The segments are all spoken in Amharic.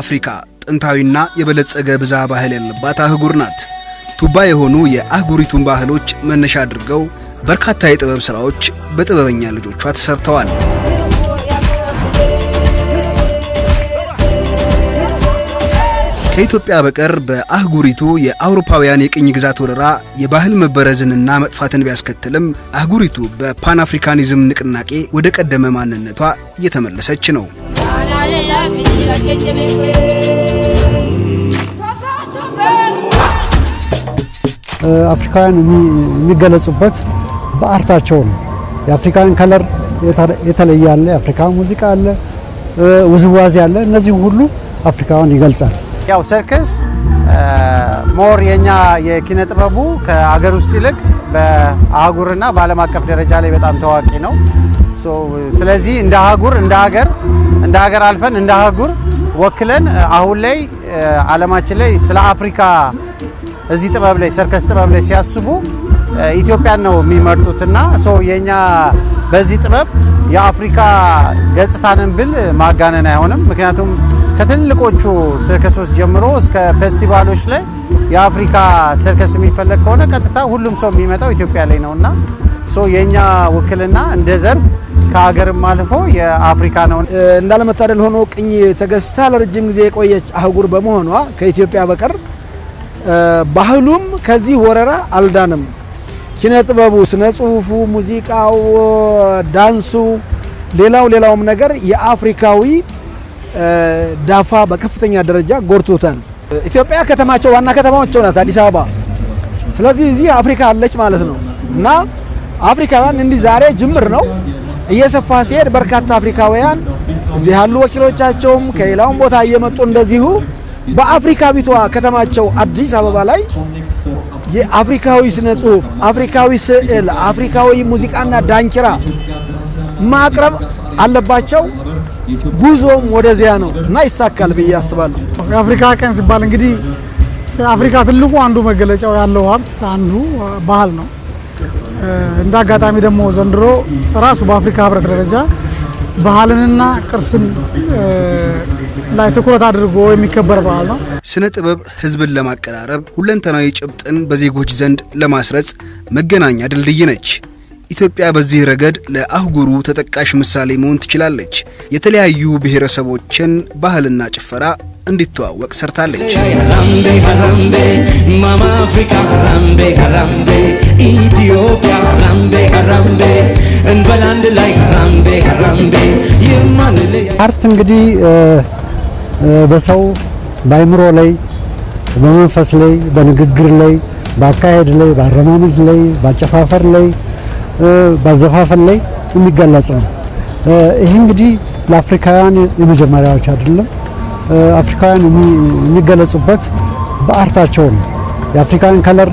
አፍሪካ ጥንታዊና የበለጸገ ብዛ ባህል ያለባት አህጉር ናት። ቱባ የሆኑ የአህጉሪቱን ባህሎች መነሻ አድርገው በርካታ የጥበብ ሥራዎች በጥበበኛ ልጆቿ ተሰርተዋል። ከኢትዮጵያ በቀር በአህጉሪቱ የአውሮፓውያን የቅኝ ግዛት ወረራ የባህል መበረዝንና መጥፋትን ቢያስከትልም አህጉሪቱ በፓን አፍሪካኒዝም ንቅናቄ ወደ ቀደመ ማንነቷ እየተመለሰች ነው። አፍሪካውያን የሚገለጹበት በአርታቸው ነው። የአፍሪካን ከለር የተለየ አለ፣ የአፍሪካ ሙዚቃ አለ፣ ውዝዋዜ አለ። እነዚህ ሁሉ አፍሪካውን ይገልጻል። ያው ሰርከስ ሞር የኛ የኪነ ጥበቡ ከአገር ውስጥ ይልቅ በአህጉርና በዓለም አቀፍ ደረጃ ላይ በጣም ታዋቂ ነው። ስለዚህ እንደ አህጉር እንደ ሀገር እንደ ሀገር አልፈን እንደ አህጉር ወክለን አሁን ላይ አለማችን ላይ ስለ አፍሪካ እዚህ ጥበብ ላይ ሰርከስ ጥበብ ላይ ሲያስቡ ኢትዮጵያን ነው የሚመርጡትና ሰው የኛ በዚህ ጥበብ የአፍሪካ ገጽታንን ብል ማጋነን አይሆንም። ምክንያቱም ከትልቆቹ ሰርከሶች ጀምሮ እስከ ፌስቲቫሎች ላይ የአፍሪካ ሰርከስ የሚፈለግ ከሆነ ቀጥታ ሁሉም ሰው የሚመጣው ኢትዮጵያ ላይ ነውና የእኛ ውክልና እንደ ዘርፍ ከሀገርም አልፎ የአፍሪካ ነው። እንዳለመታደል ሆኖ ቅኝ ተገዝታ ለረጅም ጊዜ የቆየች አህጉር በመሆኗ ከኢትዮጵያ በቀር ባህሉም ከዚህ ወረራ አልዳንም። ኪነ ጥበቡ፣ ስነ ጽሁፉ፣ ሙዚቃው፣ ዳንሱ፣ ሌላው ሌላውም ነገር የአፍሪካዊ ዳፋ በከፍተኛ ደረጃ ጎርቶታል። ኢትዮጵያ ከተማቸው ዋና ከተማቸው ናት አዲስ አበባ። ስለዚህ እዚህ አፍሪካ አለች ማለት ነው እና አፍሪካውያን እንዲህ ዛሬ ጅምር ነው እየሰፋ ሲሄድ በርካታ አፍሪካውያን እዚህ ያሉ ወኪሎቻቸውም ከሌላውም ቦታ እየመጡ እንደዚሁ በአፍሪካዊቷ ከተማቸው አዲስ አበባ ላይ የአፍሪካዊ ስነ ጽሁፍ፣ አፍሪካዊ ስዕል፣ አፍሪካዊ ሙዚቃና ዳንኪራ ማቅረብ አለባቸው። ጉዞም ወደዚያ ነው እና ይሳካል ብዬ አስባለሁ። የአፍሪካ ቀን ሲባል እንግዲህ አፍሪካ ትልቁ አንዱ መገለጫው ያለው ሀብት አንዱ ባህል ነው። እንደ አጋጣሚ ደግሞ ዘንድሮ ራሱ በአፍሪካ ህብረት ደረጃ ባህልንና ቅርስን ላይ ትኩረት አድርጎ የሚከበር በዓል ነው። ስነ ጥበብ ህዝብን ለማቀራረብ ሁለንተናዊ ጭብጥን በዜጎች ዘንድ ለማስረጽ መገናኛ ድልድይ ነች። ኢትዮጵያ በዚህ ረገድ ለአህጉሩ ተጠቃሽ ምሳሌ መሆን ትችላለች። የተለያዩ ብሔረሰቦችን ባህልና ጭፈራ እንዲተዋወቅ ሰርታለች። አርት እንግዲህ በሰው በአይምሮ ላይ በመንፈስ ላይ በንግግር ላይ በአካሄድ ላይ በአረማመድ ላይ በአጨፋፈር ላይ በአዘፋፈን ላይ የሚገለጽ ነው። ይህ እንግዲህ ለአፍሪካውያን የመጀመሪያዎች አይደለም። አፍሪካውያን የሚገለጹበት በአርታቸው ነው። የአፍሪካን ከለር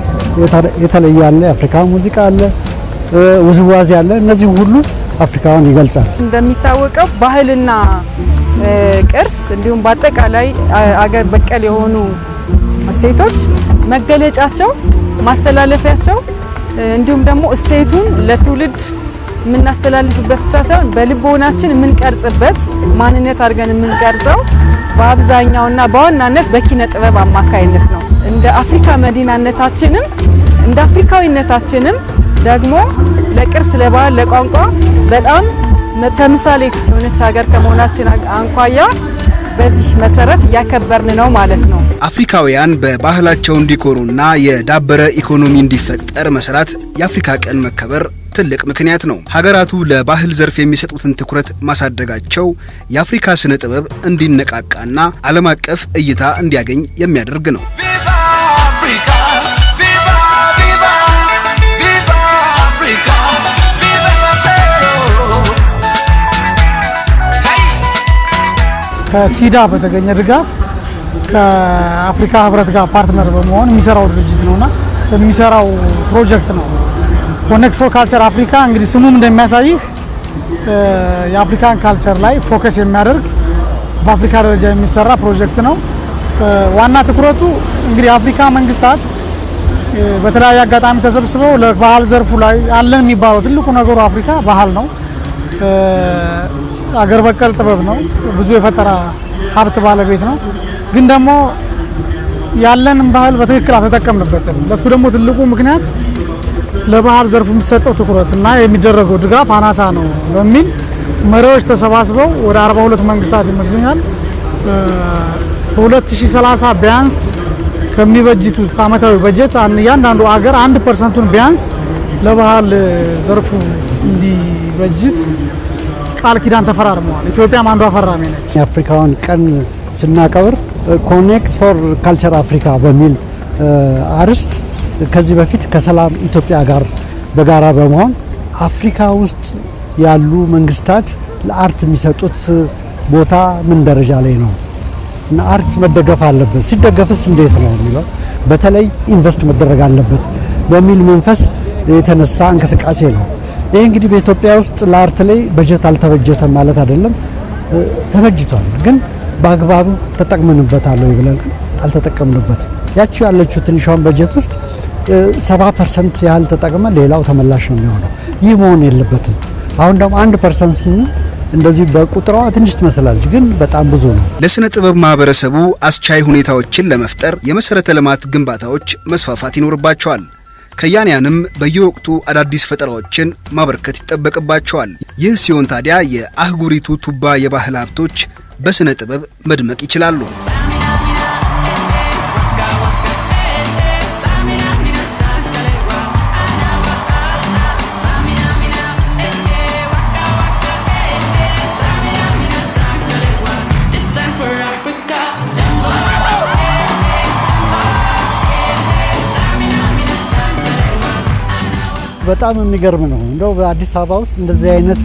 የተለየ አለ፣ የአፍሪካ ሙዚቃ አለ፣ ውዝዋዜ አለ። እነዚህ ሁሉ አፍሪካውያን ይገልጻል። እንደሚታወቀው ባህልና ቅርስ እንዲሁም በአጠቃላይ አገር በቀል የሆኑ ሴቶች መገለጫቸው ማስተላለፊያቸው እንዲሁም ደግሞ እሴቱን ለትውልድ የምናስተላልፍበት ብቻ ሳይሆን በልቦናችን የምንቀርጽበት ማንነት አድርገን የምንቀርጸው በአብዛኛውና በዋናነት በኪነ ጥበብ አማካይነት ነው። እንደ አፍሪካ መዲናነታችንም እንደ አፍሪካዊነታችንም ደግሞ ለቅርስ፣ ለባህል፣ ለቋንቋ በጣም ተምሳሌት የሆነች ሀገር ከመሆናችን አንኳያ በዚህ መሰረት እያከበርን ነው ማለት ነው። አፍሪካውያን በባህላቸው እንዲኮሩና የዳበረ ኢኮኖሚ እንዲፈጠር መስራት የአፍሪካ ቀን መከበር ትልቅ ምክንያት ነው። ሀገራቱ ለባህል ዘርፍ የሚሰጡትን ትኩረት ማሳደጋቸው የአፍሪካ ስነ ጥበብ እንዲነቃቃና ዓለም አቀፍ እይታ እንዲያገኝ የሚያደርግ ነው። ከሲዳ በተገኘ ድጋፍ ከአፍሪካ ህብረት ጋር ፓርትነር በመሆን የሚሰራው ድርጅት ነውና የሚሰራው ፕሮጀክት ነው። ኮኔክት ፎር ካልቸር አፍሪካ እንግዲህ ስሙም እንደሚያሳይህ የአፍሪካን ካልቸር ላይ ፎከስ የሚያደርግ በአፍሪካ ደረጃ የሚሰራ ፕሮጀክት ነው። ዋና ትኩረቱ እንግዲህ የአፍሪካ መንግስታት በተለያየ አጋጣሚ ተሰብስበው ለባህል ዘርፉ ላይ አለን የሚባለው ትልቁ ነገሩ አፍሪካ ባህል ነው። አገር በቀል ጥበብ ነው። ብዙ የፈጠራ ሀብት ባለቤት ነው። ግን ደግሞ ያለንን ባህል በትክክል አልተጠቀምንበትም። ለሱ ደግሞ ትልቁ ምክንያት ለባህል ዘርፉ የሚሰጠው ትኩረት እና የሚደረገው ድጋፍ አናሳ ነው በሚል መሪዎች ተሰባስበው ወደ 42 መንግስታት ይመስለኛል በ2030 ቢያንስ ከሚበጅቱት አመታዊ በጀት እያንዳንዱ አገር አንድ ፐርሰንቱን ቢያንስ ለባህል ዘርፉ እንዲበጅት ቃል ኪዳን ተፈራርመዋል። ኢትዮጵያም አንዷ ፈራሚ ነች። የአፍሪካውን ቀን ስናከብር ኮኔክት ፎር ካልቸር አፍሪካ በሚል አርስት ከዚህ በፊት ከሰላም ኢትዮጵያ ጋር በጋራ በመሆን አፍሪካ ውስጥ ያሉ መንግስታት ለአርት የሚሰጡት ቦታ ምን ደረጃ ላይ ነው እና አርት መደገፍ አለበት፣ ሲደገፍስ እንዴት ነው የሚለው በተለይ ኢንቨስት መደረግ አለበት በሚል መንፈስ የተነሳ እንቅስቃሴ ነው። ይህ እንግዲህ በኢትዮጵያ ውስጥ ለአርት ላይ በጀት አልተበጀተም ማለት አይደለም። ተበጅቷል፣ ግን በአግባቡ ተጠቅመንበታል ወይ ብለን አልተጠቀምንበትም። ያቺ ያለችው ትንሿን በጀት ውስጥ ሰባ ፐርሰንት ያህል ተጠቅመን ሌላው ተመላሽ ነው የሚሆነው። ይህ መሆን የለበትም። አሁን ደግሞ አንድ ፐርሰንት ስንል እንደዚህ በቁጥሯ ትንሽ ትመስላለች፣ ግን በጣም ብዙ ነው። ለስነ ጥበብ ማህበረሰቡ አስቻይ ሁኔታዎችን ለመፍጠር የመሰረተ ልማት ግንባታዎች መስፋፋት ይኖርባቸዋል። ከያንያንም በየወቅቱ አዳዲስ ፈጠራዎችን ማበርከት ይጠበቅባቸዋል። ይህ ሲሆን ታዲያ የአህጉሪቱ ቱባ የባህል ሀብቶች በሥነ ጥበብ መድመቅ ይችላሉ። በጣም የሚገርም ነው። እንደው በአዲስ አበባ ውስጥ እንደዚህ አይነት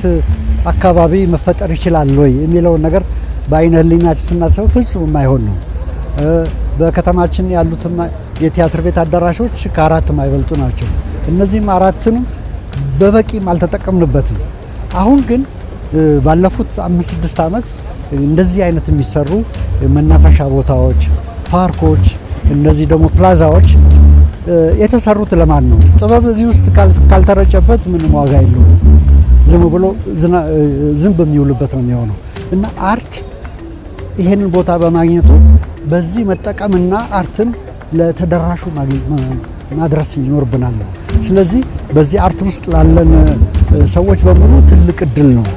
አካባቢ መፈጠር ይችላል ወይ የሚለውን ነገር በአይነ ህሊናችን ስናሰው ፍጹም የማይሆን ነው። በከተማችን ያሉትም የቲያትር ቤት አዳራሾች ከአራት የማይበልጡ ናቸው። እነዚህም አራትን በበቂም አልተጠቀምንበትም። አሁን ግን ባለፉት አምስት ስድስት ዓመት እንደዚህ አይነት የሚሰሩ መናፈሻ ቦታዎች፣ ፓርኮች፣ እነዚህ ደግሞ ፕላዛዎች የተሰሩት ለማን ነው? ጥበብ እዚህ ውስጥ ካልተረጨበት ምንም ዋጋ የለውም። ዝም ብሎ ዝም በሚውልበት ነው የሚሆነው እና አርት ይሄንን ቦታ በማግኘቱ በዚህ መጠቀምና አርትን ለተደራሹ ማድረስ ይኖርብናል። ስለዚህ በዚህ አርት ውስጥ ላለን ሰዎች በሙሉ ትልቅ እድል ነው።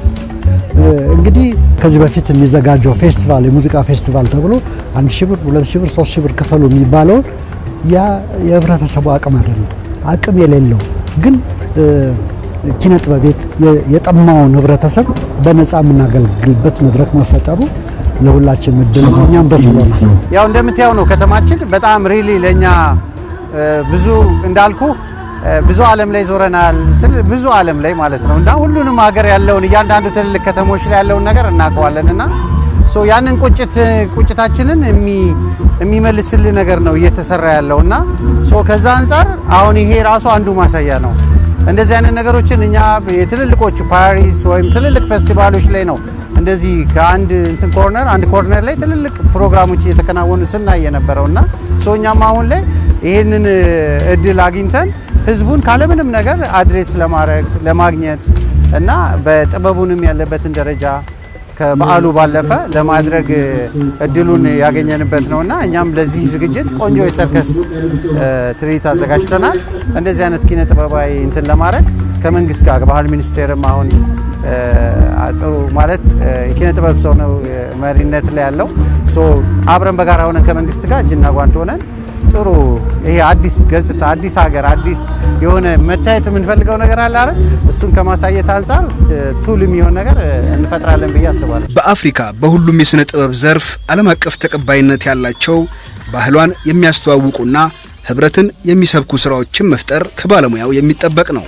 እንግዲህ ከዚህ በፊት የሚዘጋጀው ፌስቲቫል የሙዚቃ ፌስቲቫል ተብሎ አንድ ሺህ ብር፣ ሁለት ሺህ ብር፣ ሶስት ሺህ ብር ክፈሉ የሚባለውን ያ የህብረተሰቡ አቅም አይደለም። አቅም የሌለው ግን ኪነ ጥበብ ቤት የጠማውን ህብረተሰብ በነፃ የምናገለግልበት መድረክ መፈጠሩ ለሁላችን እድል እኛም ደስ ብሎናል። ያው እንደምታየው ነው ከተማችን በጣም ሪሊ ለእኛ ብዙ እንዳልኩ ብዙ ዓለም ላይ ዞረናል። ብዙ ዓለም ላይ ማለት ነው እና ሁሉንም ሀገር ያለውን እያንዳንዱ ትልልቅ ከተሞች ላይ ያለውን ነገር እናውቀዋለን እና ያንን ቁጭት ቁጭታችንን የሚመልስል ነገር ነው እየተሰራ ያለው እና ከዛ አንጻር አሁን ይሄ ራሱ አንዱ ማሳያ ነው። እንደዚህ አይነት ነገሮችን እኛ የትልልቆቹ ፓሪስ ወይም ትልልቅ ፌስቲቫሎች ላይ ነው እንደዚህ ከአንድ እንትን ኮርነር አንድ ኮርነር ላይ ትልልቅ ፕሮግራሞች እየተከናወኑ ስናይ የነበረው እና እኛም አሁን ላይ ይህንን እድል አግኝተን ህዝቡን ካለምንም ነገር አድሬስ ለማድረግ ለማግኘት እና በጥበቡንም ያለበትን ደረጃ ከበዓሉ ባለፈ ለማድረግ እድሉን ያገኘንበት ነው እና እኛም ለዚህ ዝግጅት ቆንጆ የሰርከስ ትርኢት አዘጋጅተናል። እንደዚህ አይነት ኪነ ጥበባዊ እንትን ለማድረግ ከመንግስት ጋር ባህል ሚኒስቴርም አሁን ጥሩ ማለት የኪነ ጥበብ ሰው ነው መሪነት ላይ ያለው አብረን በጋራ ሆነን ከመንግስት ጋር እጅና ጓንት ሆነን ጥሩ ይሄ አዲስ ገጽታ አዲስ ሀገር አዲስ የሆነ መታየት የምንፈልገው ነገር አለ አይደል? እሱን ከማሳየት አንጻር ቱል የሚሆን ነገር እንፈጥራለን ብዬ አስባለሁ። በአፍሪካ በሁሉም የሥነ ጥበብ ዘርፍ ዓለም አቀፍ ተቀባይነት ያላቸው ባህሏን የሚያስተዋውቁና ህብረትን የሚሰብኩ ስራዎችን መፍጠር ከባለሙያው የሚጠበቅ ነው።